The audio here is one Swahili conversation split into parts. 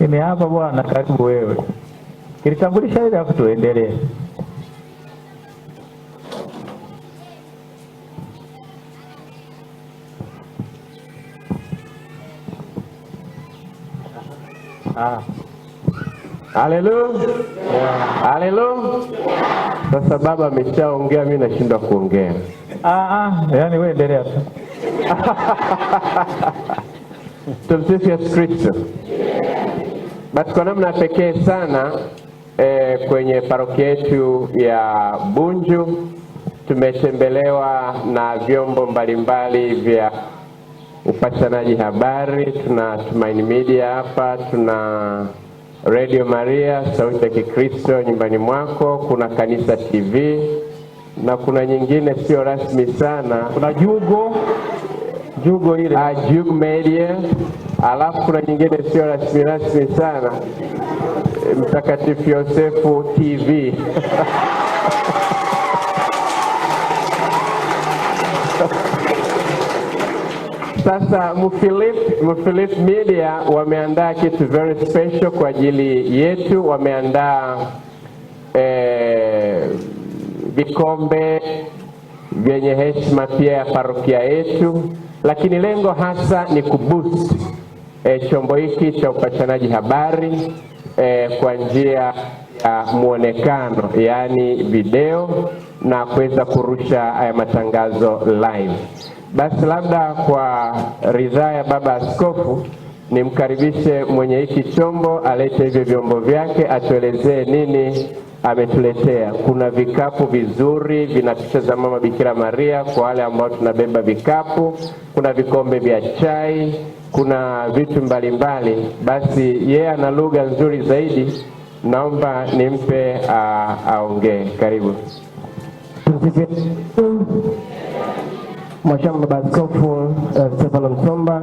Mimi hapa bwana, karibu wewe. Kilitambulisha ile, afu tuendelee. Ah. Haleluya. Haleluya. Sasa baba ameshaongea, mimi nashindwa kuongea. Ah, ah, yani wewe endelea tu. Tumsifu Yesu Kristo basi kwa namna pekee sana e, kwenye parokia yetu ya Bunju tumetembelewa na vyombo mbalimbali vya upashanaji habari. Tuna Tumaini Media hapa, tuna Radio Maria sauti ya Kikristo nyumbani mwako, kuna Kanisa TV na kuna nyingine sio rasmi sana, kuna Jugo Jugo ile ah, Jugo Media alafu kuna nyingine sio rasmi rasmi sana, Mtakatifu Yosefu TV Sasa Mufilip, Mufilip Media wameandaa kitu very special kwa ajili yetu. Wameandaa eh, vikombe eh, vyenye heshima pia ya parokia yetu, lakini lengo hasa ni kuboost e, chombo hiki cha upashanaji habari e, kwa njia ya mwonekano yaani video na kuweza kurusha haya matangazo live. Basi labda kwa ridhaa ya Baba Askofu nimkaribishe mwenye hiki chombo alete hivyo vyombo vyake, atuelezee nini ametuletea. Kuna vikapu vizuri vina picha za Mama Bikira Maria kwa wale ambao tunabeba vikapu. Kuna vikombe vya chai kuna vitu mbalimbali mbali. Basi yeye yeah, ana lugha nzuri zaidi, naomba nimpe aongee. Karibu. mwashamu Baba Askofu eh, Stefano Msomba,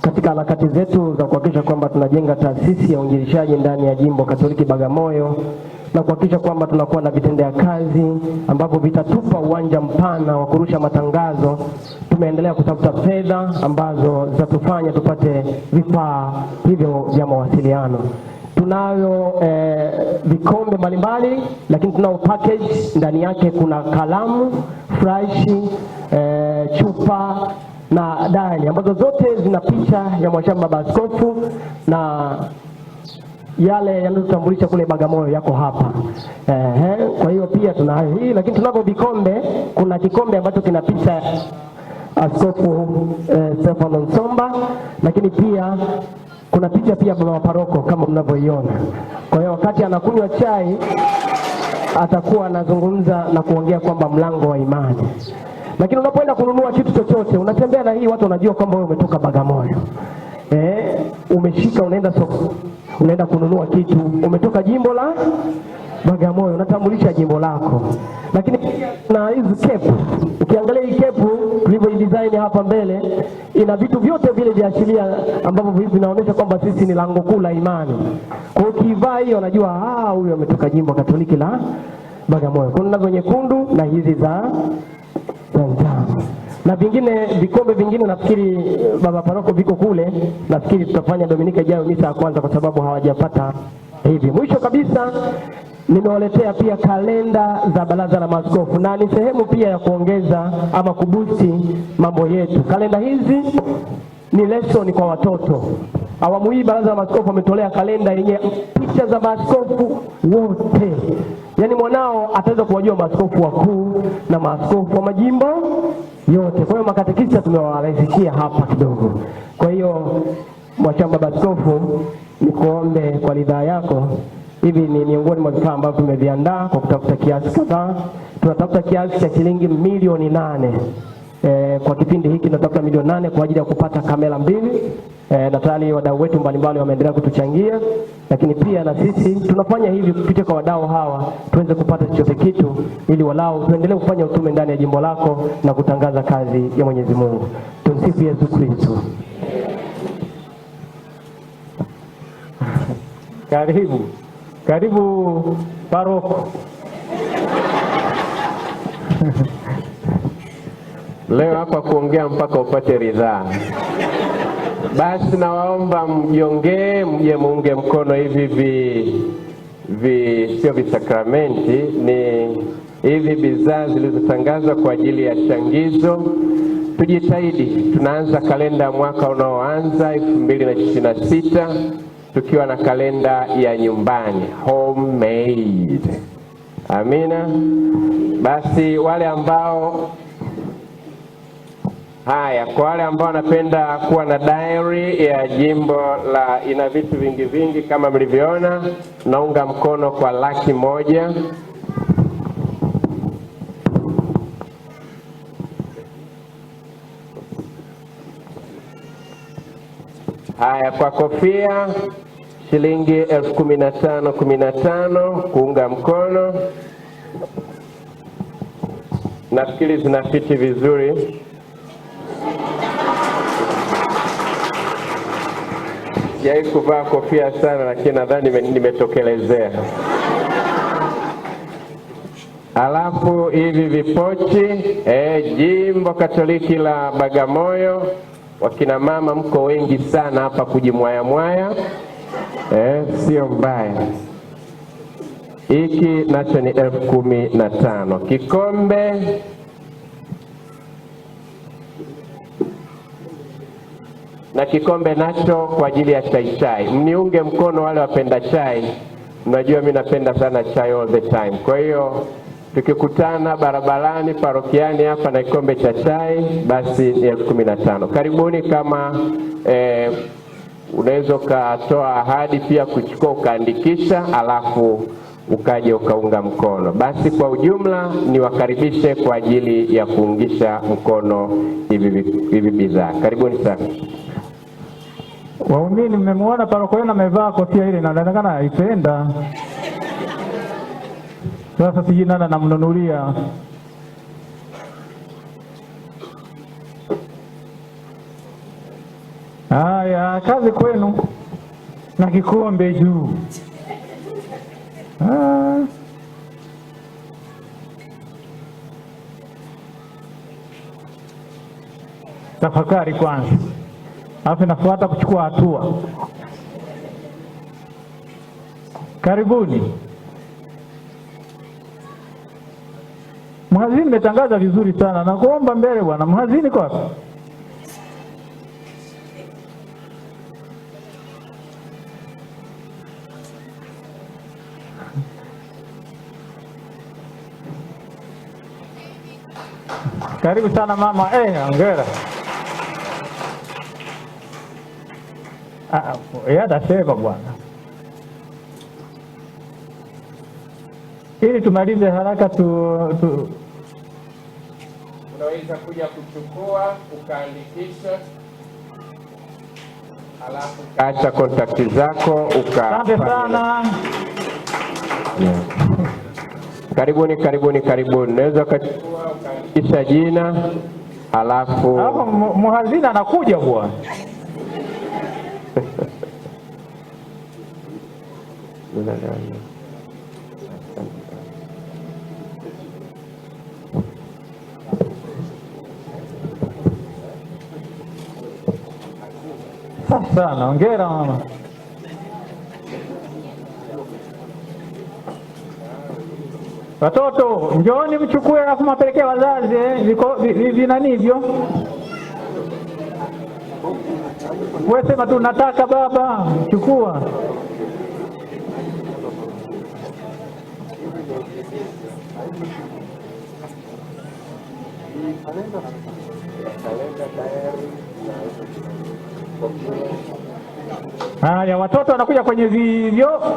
katika harakati zetu za kuhakikisha kwamba tunajenga taasisi ya uinjilishaji ndani ya jimbo Katoliki Bagamoyo na kuhakikisha kwamba tunakuwa na vitendea kazi ambavyo vitatupa uwanja mpana wa kurusha matangazo. Tumeendelea kutafuta fedha ambazo zitatufanya tupate vifaa hivyo vya mawasiliano. Tunayo eh, vikombe mbalimbali, lakini tunao package ndani yake kuna kalamu, frashi, eh, chupa na dali ambazo zote zina picha ya Mwashamba Baba Askofu na yale yanayotambulisha kule Bagamoyo yako hapa eh. Kwa hiyo pia tuna hii, lakini tunavyo vikombe. Kuna kikombe ambacho kina picha Askofu eh, Stefano Nsomba, lakini pia kuna picha pia baba paroko kama mnavyoiona. Kwa hiyo wakati anakunywa chai atakuwa anazungumza na kuongea kwamba mlango wa imani. Lakini unapoenda kununua kitu chochote, unatembea na hii, watu wanajua kwamba wewe umetoka Bagamoyo eh, umeshika unaenda soko, unaenda kununua kitu, umetoka jimbo la Bagamoyo, unatambulisha jimbo lako, lakini na hizi kepu, ukiangalia hii kepu tulivyo design hapa mbele, ina vitu vyote vile viashiria ambavyo hivi vinaonyesha kwamba sisi ni lango kuu la imani. Kwa hiyo ukivaa hiyo, anajua ah, huyo ametoka jimbo Katoliki la Bagamoyo. Kuna nazo nyekundu na hizi za njano na vingine vikombe vingine nafikiri eh, baba paroko viko kule, nafikiri tutafanya Dominika ijayo misa ya kwanza, kwa sababu hawajapata hivi. Mwisho kabisa nimewaletea pia kalenda za baraza la maaskofu na ni sehemu pia ya kuongeza ama kubusti mambo yetu. Kalenda hizi ni lesson kwa watoto. Awamu hii baraza la maaskofu wametolea kalenda yenye picha za maaskofu wote, yaani mwanao ataweza kuwajua maaskofu wakuu na maaskofu wa majimbo yote. Kwa hiyo makatekista tumewarahisishia hapa kidogo. Kwa hiyo Mwachamba Baba Askofu, nikuombe kwa ridhaa yako. Hivi ni miongoni mwa vifaa ambavyo tumeviandaa kwa kutafuta kiasi kadhaa. Tunatafuta kiasi cha shilingi milioni nane. E, kwa kipindi hiki tunatafuta milioni nane kwa ajili ya kupata kamera mbili E, eh, nadhani wadau wetu mbalimbali wameendelea kutuchangia, lakini pia na sisi tunafanya hivi kupitia kwa wadau hawa, tuweze kupata chochote kitu, ili walau tuendelee kufanya utume ndani ya jimbo lako na kutangaza kazi ya Mwenyezi Mungu. Tumsifu Yesu Kristo. Karibu karibu paroko. Leo hapa kuongea mpaka upate ridhaa. Basi nawaomba mjongee, mje muunge mkono hivi vi, vi sio visakramenti, ni hivi bidhaa zilizotangazwa kwa ajili ya changizo. Tujitahidi, tunaanza kalenda ya mwaka unaoanza elfu mbili na ishirini na sita tukiwa na kalenda ya nyumbani homemade. Amina. Basi wale ambao Haya, kwa wale ambao wanapenda kuwa na diary ya jimbo la ina vitu vingi vingi kama mlivyoona, naunga mkono kwa laki moja. Haya, kwa kofia shilingi elfu kumi na tano kumi na tano kuunga mkono. Nafikiri zinafiti vizuri. sijawahi kuvaa kofia sana, lakini nadhani nimetokelezea. Alafu hivi vipochi eh, jimbo Katoliki la Bagamoyo, wakina mama mko wengi sana hapa kujimwayamwaya eh, sio mbaya. Hiki nacho ni elfu kumi na tano. Kikombe na kikombe nacho kwa ajili ya chai chai. Mniunge mkono wale wapenda chai, mnajua mi napenda sana chai all the time. Kwa hiyo tukikutana barabarani, parokiani hapa na kikombe cha chai, basi ni elfu kumi na tano. Karibuni kama eh, unaweza ukatoa ahadi pia kuchukua ukaandikisha, alafu ukaje ukaunga mkono. Basi kwa ujumla niwakaribishe kwa ajili ya kuungisha mkono hivi bidhaa. Karibuni sana. Waumini, mmemwona paroko yenu amevaa kofia ile, inaonekana aipenda. Sasa sijui nani anamnunulia. Haya, kazi kwenu na kikombe juu. Ah. Tafakari kwanza alafu inafuata kuchukua hatua. Karibuni, mhazini, metangaza vizuri sana, nakuomba mbele bwana mhazini. Kwapi karibu sana mama. Eh, hongera. yeye ah, eh, atasema bwana, ili tumalize haraka tu, tu. Unaweza kuja kuchukua ukaandikisha, alafu kaacha kontakti zako uka. Asante sana yeah. Karibuni, karibuni, karibuni. Unaweza ukaandikisha jina alafu alafu mhazina anakuja bwana. Sassanam Gerama. Watoto njooni mchukue, alafu mapelekee wazazi eh? vinanivyo wewe sema tu nataka baba, chukua. Haya, watoto wanakuja kwenye vivyo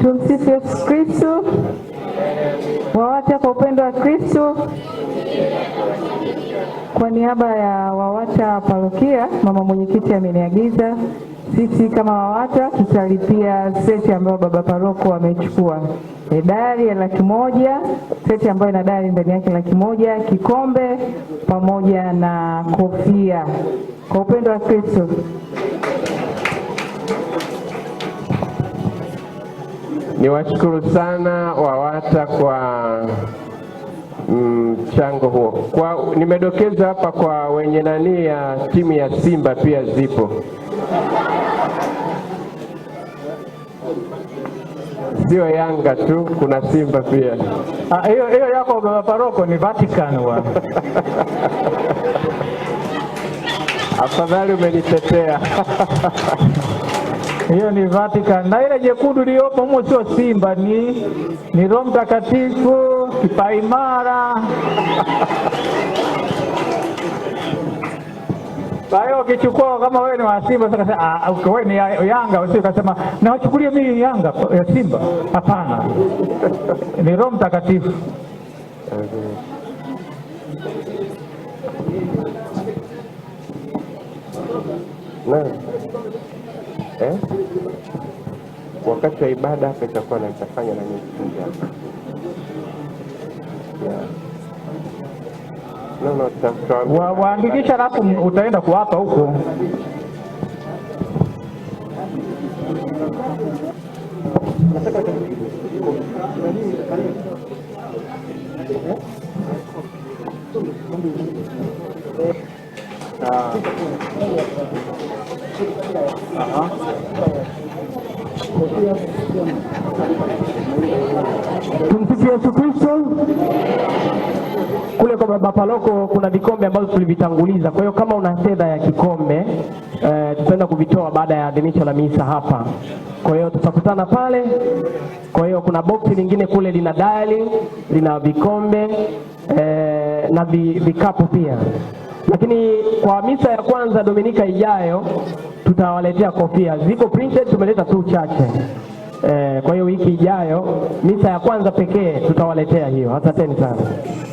Tumsifu Yesu Kristo. WAWATA kwa upendo wa Kristo, kwa niaba ya WAWATA parokia, mama mwenyekiti ameniagiza sisi kama WAWATA tutalipia seti ambayo baba paroko amechukua e, dari ya laki moja, seti ambayo ina dari ndani yake laki moja, kikombe pamoja na kofia. Kwa upendo wa Kristo niwashukuru sana WAWATA kwa mchango huo. Kwa nimedokeza hapa kwa wenye nani ya timu ya Simba pia zipo sio Yanga tu, kuna Simba pia. Ah, hiyo hiyo yako baba paroko ni Vatican wa afadhali umenitetea hiyo ni Vatican na ile jekundu iliyopo humo sio Simba, ni ni Roho Mtakatifu kipaimara Kwa hiyo ukichukua kama wewe ni wa Simba sasa, ah, ah, wewe ni Yanga kasema na wachukulie mimi Yanga ya Simba. Hapana, ni Roho Mtakatifu. Eh? Wakati wa ibada hapa itakuwa na itafanya na nyingi wa, waandikisha alafu utaenda kuwapa huko. Tumsifu Yesu Kristo kule kwa baba paroko kuna vikombe ambavyo tulivitanguliza. Kwa hiyo kama una fedha ya kikombe e, tutaenda kuvitoa baada ya adhimisho la misa hapa. Kwa hiyo tutakutana pale. Kwa hiyo kuna boksi lingine kule lina dali lina vikombe e, na vikapu pia. Lakini kwa misa ya kwanza Dominika ijayo tutawaletea kofia, ziko printed, tumeleta tu chache. E, kwa hiyo wiki ijayo misa ya kwanza pekee tutawaletea hiyo. Asanteni sana.